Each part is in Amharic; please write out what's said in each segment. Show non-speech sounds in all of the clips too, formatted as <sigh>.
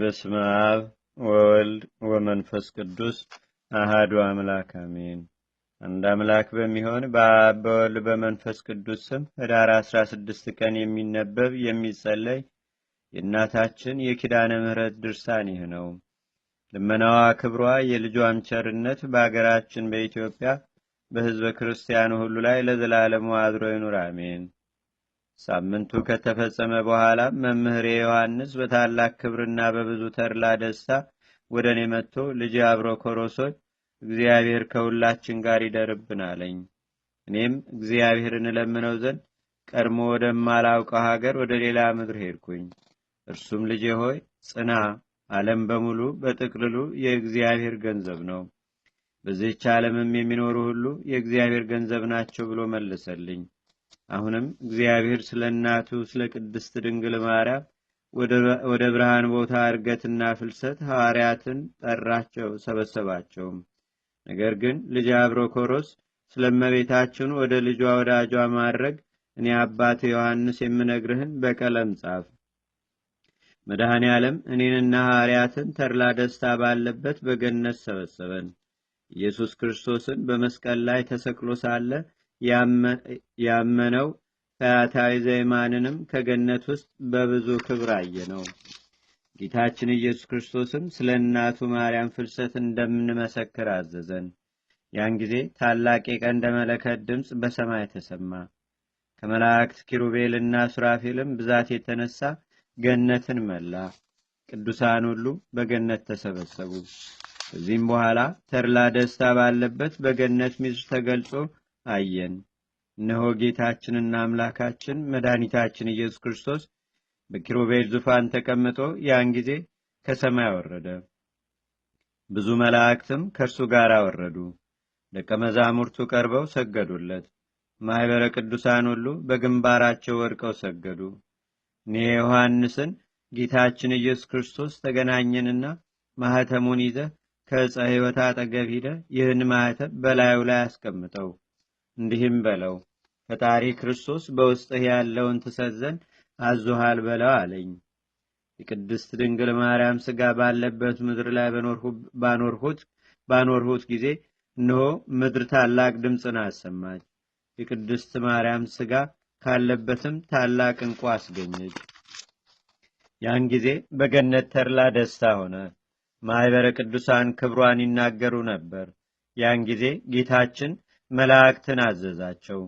በስመ አብ ወወልድ ወመንፈስ ቅዱስ አህዱ አምላክ አሜን። አንድ አምላክ በሚሆን በአብ በወልድ በመንፈስ ቅዱስ ስም ህዳር 16 ቀን የሚነበብ የሚጸለይ የእናታችን የኪዳነ ምሕረት ድርሳን ይህ ነው። ልመናዋ ክብሯ፣ የልጇም ቸርነት በአገራችን በኢትዮጵያ በህዝበ ክርስቲያኑ ሁሉ ላይ ለዘላለሙ አድሮ ይኑር አሜን። ሳምንቱ ከተፈጸመ በኋላ መምህሬ ዮሐንስ በታላቅ ክብርና በብዙ ተድላ ደስታ ወደ እኔ መጥቶ ልጅ አብሮ ኮሮሶች እግዚአብሔር ከሁላችን ጋር ይደርብን አለኝ። እኔም እግዚአብሔርን እለምነው ዘንድ ቀድሞ ወደማላውቀው ሀገር ወደ ሌላ ምድር ሄድኩኝ። እርሱም ልጄ ሆይ ጽና፣ ዓለም በሙሉ በጥቅልሉ የእግዚአብሔር ገንዘብ ነው፣ በዚህች ዓለምም የሚኖሩ ሁሉ የእግዚአብሔር ገንዘብ ናቸው ብሎ መለሰልኝ። አሁንም እግዚአብሔር ስለ እናቱ ስለ ቅድስት ድንግል ማርያም ወደ ብርሃን ቦታ እርገትና ፍልሰት ሐዋርያትን ጠራቸው፣ ሰበሰባቸውም። ነገር ግን ልጅ አብሮኮሮስ ስለመቤታችን ወደ ልጇ ወዳጇ ማድረግ እኔ አባት ዮሐንስ የምነግርህን በቀለም ጻፍ። መድኃኔ ዓለም እኔንና ሐዋርያትን ተድላ ደስታ ባለበት በገነት ሰበሰበን። ኢየሱስ ክርስቶስን በመስቀል ላይ ተሰቅሎ ሳለ ያመነው ፈያታዊ ዘይማንንም ከገነት ውስጥ በብዙ ክብር አየ ነው። ጌታችን ኢየሱስ ክርስቶስም ስለ እናቱ ማርያም ፍልሰት እንደምንመሰክር አዘዘን። ያን ጊዜ ታላቅ የቀንደ መለከት ድምፅ በሰማይ ተሰማ። ከመላእክት ኪሩቤልና ሱራፌልም ብዛት የተነሳ ገነትን መላ። ቅዱሳን ሁሉ በገነት ተሰበሰቡ። ከዚህም በኋላ ተርላ ደስታ ባለበት በገነት ሚስት ተገልጾ አየን። እነሆ ጌታችንና አምላካችን መድኃኒታችን ኢየሱስ ክርስቶስ በኪሩቤል ዙፋን ተቀምጦ ያን ጊዜ ከሰማይ ወረደ። ብዙ መላእክትም ከእርሱ ጋር አወረዱ! ደቀ መዛሙርቱ ቀርበው ሰገዱለት። ማኅበረ ቅዱሳን ሁሉ በግንባራቸው ወድቀው ሰገዱ። እኔ ዮሐንስን ጌታችን ኢየሱስ ክርስቶስ ተገናኘንና ማኅተሙን ይዘህ ከዕፀ ሕይወት አጠገብ ሂደ ይህን ማኅተም በላዩ ላይ አስቀምጠው እንዲህም በለው ፈጣሪ ክርስቶስ በውስጥህ ያለውን ትሰዘን አዙሃል በለው አለኝ። የቅድስት ድንግል ማርያም ስጋ ባለበት ምድር ላይ ባኖርሁት ባኖርሁት ጊዜ እነሆ ምድር ታላቅ ድምፅን አሰማች። የቅድስት ማርያም ስጋ ካለበትም ታላቅ እንቁ አስገኘች። ያን ጊዜ በገነት ተርላ ደስታ ሆነ። ማይበረ ቅዱሳን ክብሯን ይናገሩ ነበር። ያን ጊዜ ጌታችን መላእክትን አዘዛቸው።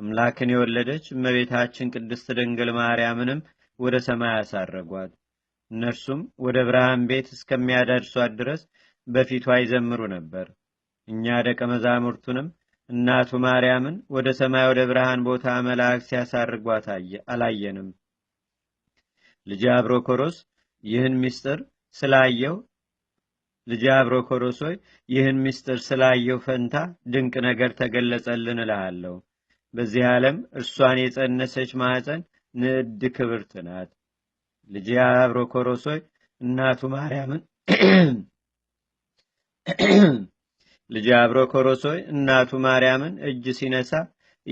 አምላክን የወለደች እመቤታችን ቅድስት ድንግል ማርያምንም ወደ ሰማይ አሳረጓት። እነርሱም ወደ ብርሃን ቤት እስከሚያደርሷት ድረስ በፊቷ ይዘምሩ ነበር። እኛ ደቀ መዛሙርቱንም እናቱ ማርያምን ወደ ሰማይ ወደ ብርሃን ቦታ መላእክት ሲያሳርጓት አላየንም። ልጅ አብሮኮሮስ ይህን ምስጢር ስላየው ልጅ አብሮኮሮስ ኮሮሶይ ይህን ምስጢር ስላየው ፈንታ ድንቅ ነገር ተገለጸልን እልሃለሁ። በዚህ ዓለም እርሷን የጸነሰች ማዕፀን ንዕድ ክብርት ናት። ልጅ አብሮኮሮስ ኮሮሶይ እናቱ ማርያምን <clears throat> ልጅ አብሮኮሮስ ኮሮሶይ እናቱ ማርያምን እጅ ሲነሳ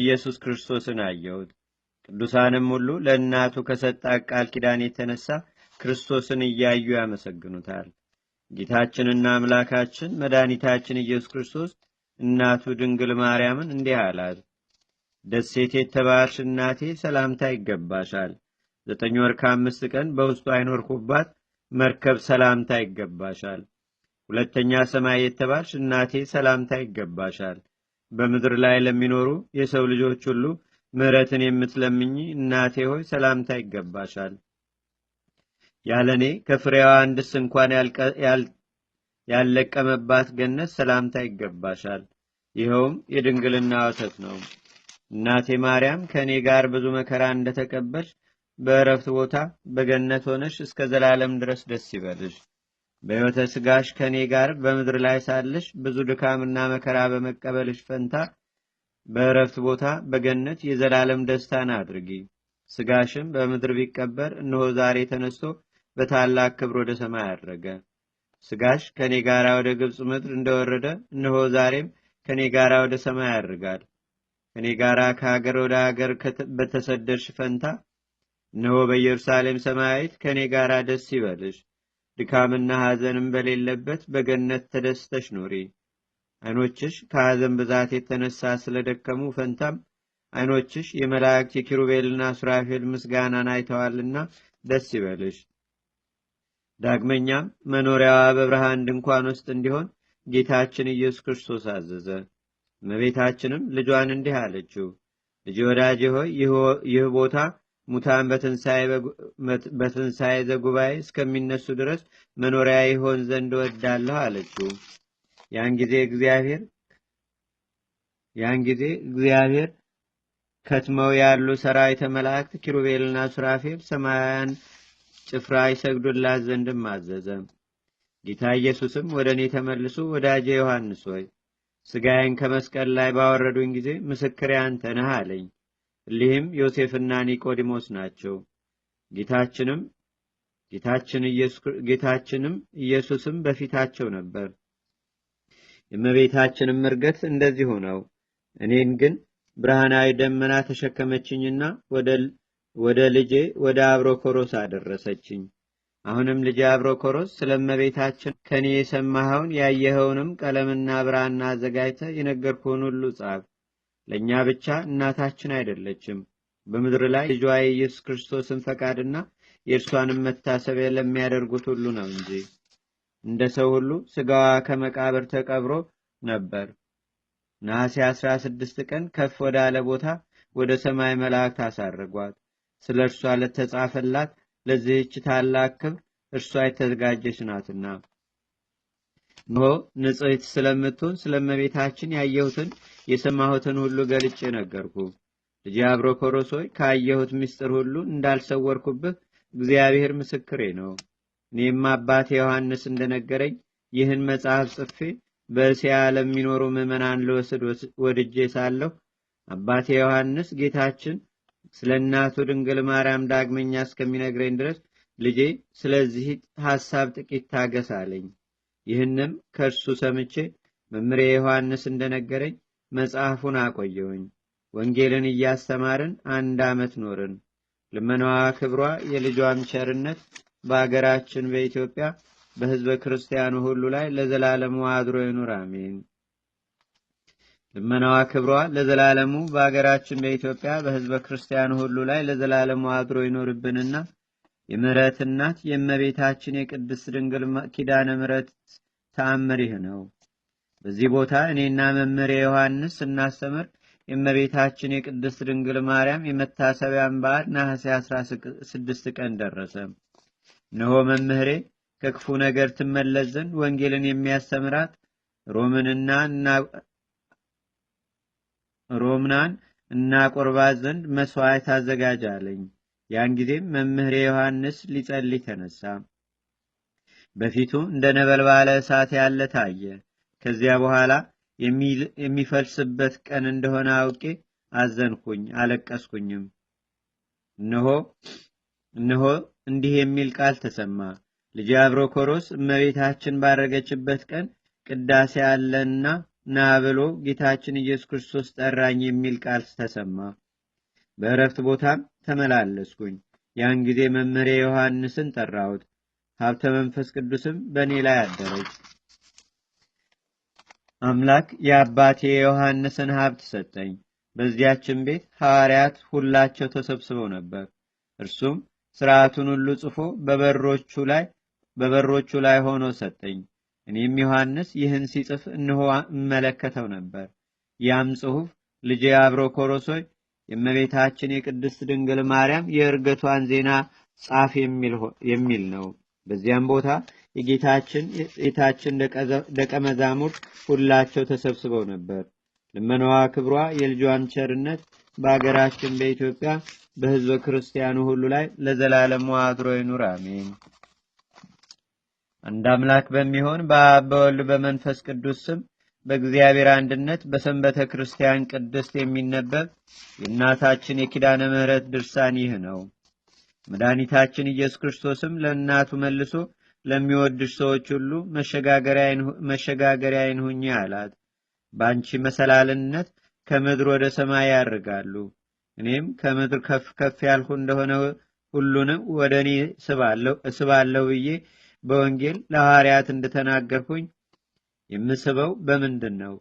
ኢየሱስ ክርስቶስን አየሁት። ቅዱሳንም ሁሉ ለእናቱ ከሰጣት ቃል ኪዳን የተነሳ ክርስቶስን እያዩ ያመሰግኑታል። ጌታችንና አምላካችን መድኃኒታችን ኢየሱስ ክርስቶስ እናቱ ድንግል ማርያምን እንዲህ አላት። ደሴት የተባልሽ እናቴ ሰላምታ ይገባሻል። ዘጠኝ ወር ከአምስት ቀን በውስጡ አይኖርኩባት መርከብ ሰላምታ ይገባሻል። ሁለተኛ ሰማይ የተባልሽ እናቴ ሰላምታ ይገባሻል። በምድር ላይ ለሚኖሩ የሰው ልጆች ሁሉ ምሕረትን የምትለምኝ እናቴ ሆይ ሰላምታ ይገባሻል። ያለ እኔ ከፍሬዋ አንድስ እንኳን ያልለቀመባት ገነት ሰላምታ ይገባሻል። ይኸውም የድንግልና ወተት ነው። እናቴ ማርያም ከእኔ ጋር ብዙ መከራ እንደተቀበልሽ በእረፍት ቦታ በገነት ሆነሽ እስከ ዘላለም ድረስ ደስ ይበልሽ። በሕይወተ ሥጋሽ ከእኔ ጋር በምድር ላይ ሳለሽ ብዙ ድካምና መከራ በመቀበልሽ ፈንታ በእረፍት ቦታ በገነት የዘላለም ደስታን አድርጊ። ሥጋሽም በምድር ቢቀበር እነሆ ዛሬ ተነስቶ በታላቅ ክብር ወደ ሰማይ አድረገ። ስጋሽ ከእኔ ጋር ወደ ግብፅ ምድር እንደወረደ እነሆ ዛሬም ከእኔ ጋር ወደ ሰማይ ያድርጋል። ከእኔ ጋር ከሀገር ወደ ሀገር በተሰደድሽ ፈንታ እነሆ በኢየሩሳሌም ሰማያዊት ከእኔ ጋር ደስ ይበልሽ፣ ድካምና ሐዘንም በሌለበት በገነት ተደስተሽ ኑሪ። ዓይኖችሽ ከሐዘን ብዛት የተነሳ ስለደከሙ ፈንታም አይኖችሽ የመላእክት የኪሩቤልና ሱራፌል ምስጋናን አይተዋልና ደስ ይበልሽ። ዳግመኛም መኖሪያዋ በብርሃን ድንኳን ውስጥ እንዲሆን ጌታችን ኢየሱስ ክርስቶስ አዘዘ። መቤታችንም ልጇን እንዲህ አለችው፣ ልጅ ወዳጅ ሆይ ይህ ቦታ ሙታን በትንሣኤ ዘጉባኤ እስከሚነሱ ድረስ መኖሪያ ይሆን ዘንድ ወዳለሁ አለችው። ያን ጊዜ እግዚአብሔር ያን ጊዜ እግዚአብሔር ከትመው ያሉ ሰራዊተ መላእክት ኪሩቤልና ሱራፌል ሰማያውያን ጭፍራ ይሰግዱላት ዘንድም አዘዘ። ጌታ ኢየሱስም ወደ እኔ ተመልሶ ወዳጄ ዮሐንስ ሆይ ስጋዬን ከመስቀል ላይ ባወረዱኝ ጊዜ ምስክሬ አንተ ነህ አለኝ። ሊህም ዮሴፍና ኒቆዲሞስ ናቸው። ጌታችንም ጌታችንም ኢየሱስም በፊታቸው ነበር። የመቤታችንም እርገት እንደዚሁ ነው። እኔን ግን ብርሃናዊ ደመና ተሸከመችኝና ወደ ልጄ ወደ አብሮኮሮስ አደረሰችኝ። አሁንም ልጄ አብሮኮሮስ ስለ እመቤታችን ከኔ የሰማኸውን ያየኸውንም ቀለምና ብራና አዘጋጅተ የነገርኩህን ሁሉ ጻፍ። ለእኛ ብቻ እናታችን አይደለችም፣ በምድር ላይ ልጇ የኢየሱስ ክርስቶስን ፈቃድና የእርሷንም መታሰቢያ ለሚያደርጉት ሁሉ ነው እንጂ። እንደ ሰው ሁሉ ስጋዋ ከመቃብር ተቀብሮ ነበር። ነሐሴ 16 ቀን ከፍ ወዳለ ቦታ ወደ ሰማይ መላእክት አሳርጓት። ስለ እርሷ ለተጻፈላት ለዚህች ታላቅ ክብር እርሷ የተዘጋጀች ናትና ኖ ንጽሕት ስለምትሆን ስለመቤታችን ያየሁትን የሰማሁትን ሁሉ ገልጬ ነገርኩ። ልጄ አብሮኮሮስ ኮሮሶይ ካየሁት ምስጢር ሁሉ እንዳልሰወርኩብህ እግዚአብሔር ምስክሬ ነው። እኔም አባቴ ዮሐንስ እንደነገረኝ ይህን መጽሐፍ ጽፌ በእስያ ለሚኖሩ ምዕመናን ልወስድ ወድጄ ሳለሁ አባቴ ዮሐንስ ጌታችን ስለ እናቱ ድንግል ማርያም ዳግመኛ እስከሚነግረኝ ድረስ ልጄ ስለዚህ ሐሳብ ጥቂት ታገሳለኝ ይህንም ከእርሱ ሰምቼ መምሬ ዮሐንስ እንደነገረኝ መጽሐፉን አቆየውኝ። ወንጌልን እያስተማርን አንድ ዓመት ኖርን። ልመናዋ ክብሯ፣ የልጇም ቸርነት በአገራችን በኢትዮጵያ በሕዝበ ክርስቲያኑ ሁሉ ላይ ለዘላለም አድሮ ይኑር፣ አሜን። ልመናዋ ክብሯ ለዘላለሙ በአገራችን በኢትዮጵያ በህዝበ ክርስቲያን ሁሉ ላይ ለዘላለሙ አድሮ ይኖርብንና የምሕረት እናት የእመቤታችን የቅድስት ድንግል ኪዳነ ምረት ተአምር ይህ ነው። በዚህ ቦታ እኔና መምህሬ ዮሐንስ ስናስተምር የእመቤታችን የቅድስት ድንግል ማርያም የመታሰቢያን በዓል ነሐሴ 16 ቀን ደረሰ። ንሆ መምህሬ ከክፉ ነገር ትመለስ ዘንድ ወንጌልን የሚያስተምራት ሮምንና ሮምናን እናቆርባት ዘንድ መሥዋዕት አዘጋጅ አለኝ። ያን ጊዜም መምህሬ ዮሐንስ ሊጸልይ ተነሳ። በፊቱ እንደ ነበልባለ እሳት ያለ ታየ። ከዚያ በኋላ የሚፈልስበት ቀን እንደሆነ አውቄ አዘንኩኝ፣ አለቀስኩኝም። እነሆ እነሆ እንዲህ የሚል ቃል ተሰማ። ልጅ አብሮኮሮስ እመቤታችን ባረገችበት ቀን ቅዳሴ አለና ና ብሎ ጌታችን ኢየሱስ ክርስቶስ ጠራኝ የሚል ቃል ተሰማ። በእረፍት ቦታም ተመላለስኩኝ። ያን ጊዜ መምህሬ ዮሐንስን ጠራሁት። ሀብተ መንፈስ ቅዱስም በእኔ ላይ አደረች። አምላክ የአባቴ የዮሐንስን ሀብት ሰጠኝ። በዚያችን ቤት ሐዋርያት ሁላቸው ተሰብስበው ነበር። እርሱም ስርዓቱን ሁሉ ጽፎ በበሮቹ ላይ በበሮቹ ላይ ሆኖ ሰጠኝ። እኔም ዮሐንስ ይህን ሲጽፍ እነሆ እመለከተው ነበር። ያም ጽሑፍ ልጄ አብሮ ኮሮሶይ የእመቤታችን የቅድስት ድንግል ማርያም የእርገቷን ዜና ጻፍ የሚል ነው። በዚያም ቦታ የጌታችን የጌታችን ደቀ መዛሙርት ሁላቸው ተሰብስበው ነበር። ልመናዋ ክብሯ፣ የልጇን ቸርነት በአገራችን በኢትዮጵያ በሕዝበ ክርስቲያኑ ሁሉ ላይ ለዘላለም አድሮ ይኑር። አሜን። አንድ አምላክ በሚሆን በአብ በወልድ በመንፈስ ቅዱስ ስም በእግዚአብሔር አንድነት በሰንበተ ክርስቲያን ቅድስት የሚነበብ የእናታችን የኪዳነ ምሕረት ድርሳን ይህ ነው። መድኃኒታችን ኢየሱስ ክርስቶስም ለእናቱ መልሶ ለሚወድሽ ሰዎች ሁሉ መሸጋገሪያ ይንሁኝ አላት። በአንቺ መሰላልነት ከምድር ወደ ሰማይ ያርጋሉ። እኔም ከምድር ከፍ ከፍ ያልሁ እንደሆነ ሁሉንም ወደ እኔ እስባለሁ ብዬ በወንጌል ለሐዋርያት እንደተናገርኩኝ የምስበው በምንድን ነው?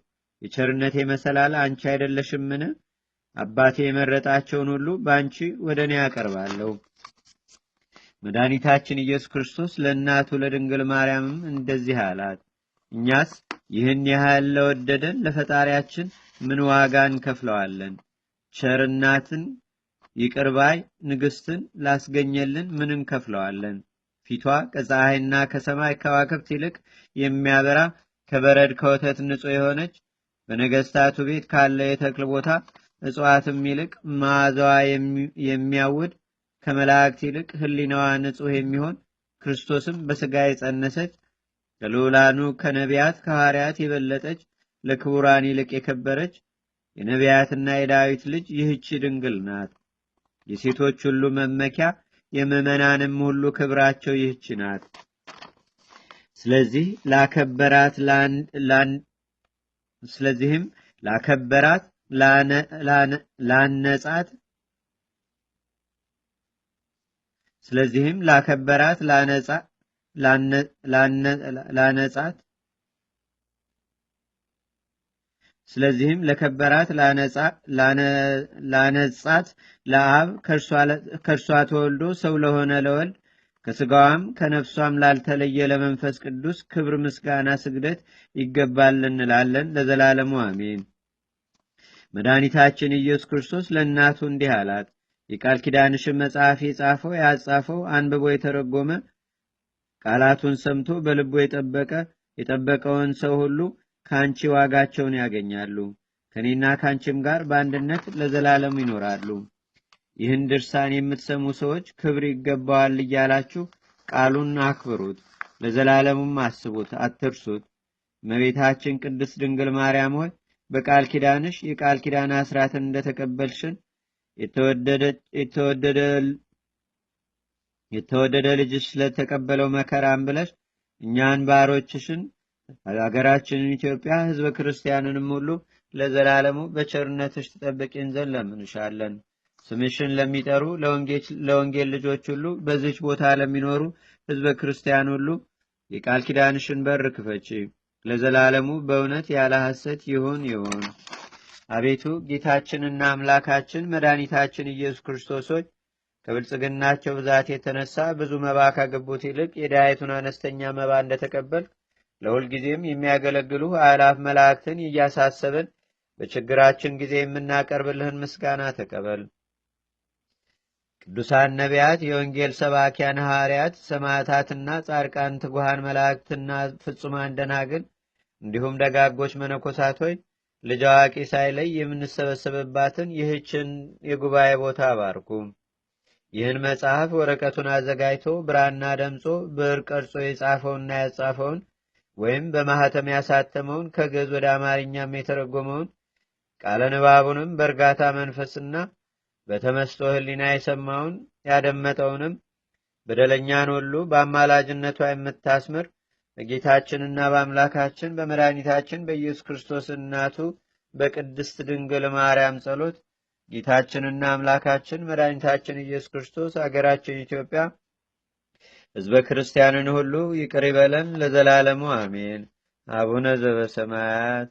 የቸርነቴ መሰላል አንቺ አይደለሽምን? አባቴ የመረጣቸውን ሁሉ በአንቺ ወደ እኔ ያቀርባለሁ። መድኃኒታችን ኢየሱስ ክርስቶስ ለእናቱ ለድንግል ማርያምም እንደዚህ አላት። እኛስ ይህን ያህል ለወደደን ለፈጣሪያችን ምን ዋጋ እንከፍለዋለን? ቸርናትን ይቅርባይ ንግስትን ላስገኘልን ምን እንከፍለዋለን? ፊቷ ከፀሐይና ከሰማይ ከዋክብት ይልቅ የሚያበራ ከበረድ ከወተት ንጹሕ የሆነች በነገስታቱ ቤት ካለ የተክል ቦታ እጽዋትም ይልቅ መዓዛዋ የሚያውድ ከመላእክት ይልቅ ህሊናዋ ንጹሕ የሚሆን ክርስቶስም በሥጋ የጸነሰች ከልዑላኑ ከነቢያት ከሐርያት የበለጠች ለክቡራን ይልቅ የከበረች የነቢያትና የዳዊት ልጅ ይህች ድንግል ናት። የሴቶች ሁሉ መመኪያ የምዕመናንም ሁሉ ክብራቸው ይህች ናት። ስለዚህ ላከበራት ስለዚህም ላከበራት ላነጻት ስለዚህም ላከበራት ላነጻት ስለዚህም ለከበራት ላነጻት ለአብ ከእርሷ ተወልዶ ሰው ለሆነ ለወልድ ከስጋዋም ከነፍሷም ላልተለየ ለመንፈስ ቅዱስ ክብር፣ ምስጋና፣ ስግደት ይገባል እንላለን ለዘላለሙ አሜን። መድኃኒታችን ኢየሱስ ክርስቶስ ለእናቱ እንዲህ አላት፣ የቃል ኪዳንሽን መጽሐፍ የጻፈው ያጻፈው አንብቦ የተረጎመ ቃላቱን ሰምቶ በልቦ የጠበቀ የጠበቀውን ሰው ሁሉ ከአንቺ ዋጋቸውን ያገኛሉ፣ ከእኔና ከአንቺም ጋር በአንድነት ለዘላለም ይኖራሉ። ይህን ድርሳን የምትሰሙ ሰዎች ክብር ይገባዋል እያላችሁ ቃሉን አክብሩት፣ ለዘላለሙም አስቡት፣ አትርሱት። እመቤታችን ቅድስት ድንግል ማርያም ሆይ በቃል ኪዳንሽ የቃል ኪዳን አስራትን እንደተቀበልሽን የተወደደ ልጅሽ ስለተቀበለው መከራን ብለሽ እኛን ባሮችሽን ሀገራችንን ኢትዮጵያ ህዝበ ክርስቲያንንም ሁሉ ለዘላለሙ በቸርነትሽ ትጠብቂን ዘንድ ለምንሻለን ስምሽን ለሚጠሩ ለወንጌል ልጆች ሁሉ በዚች ቦታ ለሚኖሩ ህዝበ ክርስቲያን ሁሉ የቃል ኪዳንሽን በር ክፈቺ ለዘላለሙ በእውነት ያለ ሐሰት ይሁን ይሁን አቤቱ ጌታችንና አምላካችን መድኃኒታችን ኢየሱስ ክርስቶሶች ከብልጽግናቸው ብዛት የተነሳ ብዙ መባ ካገቡት ይልቅ የዳያቱን አነስተኛ መባ እንደተቀበል ለሁልጊዜም የሚያገለግሉ አእላፍ መላእክትን እያሳሰብን በችግራችን ጊዜ የምናቀርብልህን ምስጋና ተቀበል። ቅዱሳን ነቢያት፣ የወንጌል ሰባኪያን ሐዋርያት፣ ሰማዕታትና ጻድቃን፣ ትጉሃን መላእክትና ፍጹማን ደናግል እንዲሁም ደጋጎች መነኮሳት ሆይ ልጅ አዋቂ ሳይለይ የምንሰበሰብባትን ይህችን የጉባኤ ቦታ አባርኩ። ይህን መጽሐፍ ወረቀቱን አዘጋጅቶ ብራና ደምጾ ብዕር ቀርጾ የጻፈውና ያጻፈውን ወይም በማህተም ያሳተመውን ከገዝ ወደ አማርኛም የተረጎመውን ቃለ ንባቡንም በእርጋታ መንፈስና በተመስጦ ህሊና የሰማውን ያደመጠውንም በደለኛን ሁሉ በአማላጅነቷ የምታስምር በጌታችንና በአምላካችን በመድኃኒታችን በኢየሱስ ክርስቶስ እናቱ በቅድስት ድንግል ማርያም ጸሎት ጌታችንና አምላካችን መድኃኒታችን ኢየሱስ ክርስቶስ አገራችን ኢትዮጵያ ህዝበ ክርስቲያንን ሁሉ ይቅር ይበለን ለዘላለሙ አሜን። አቡነ ዘበሰማያት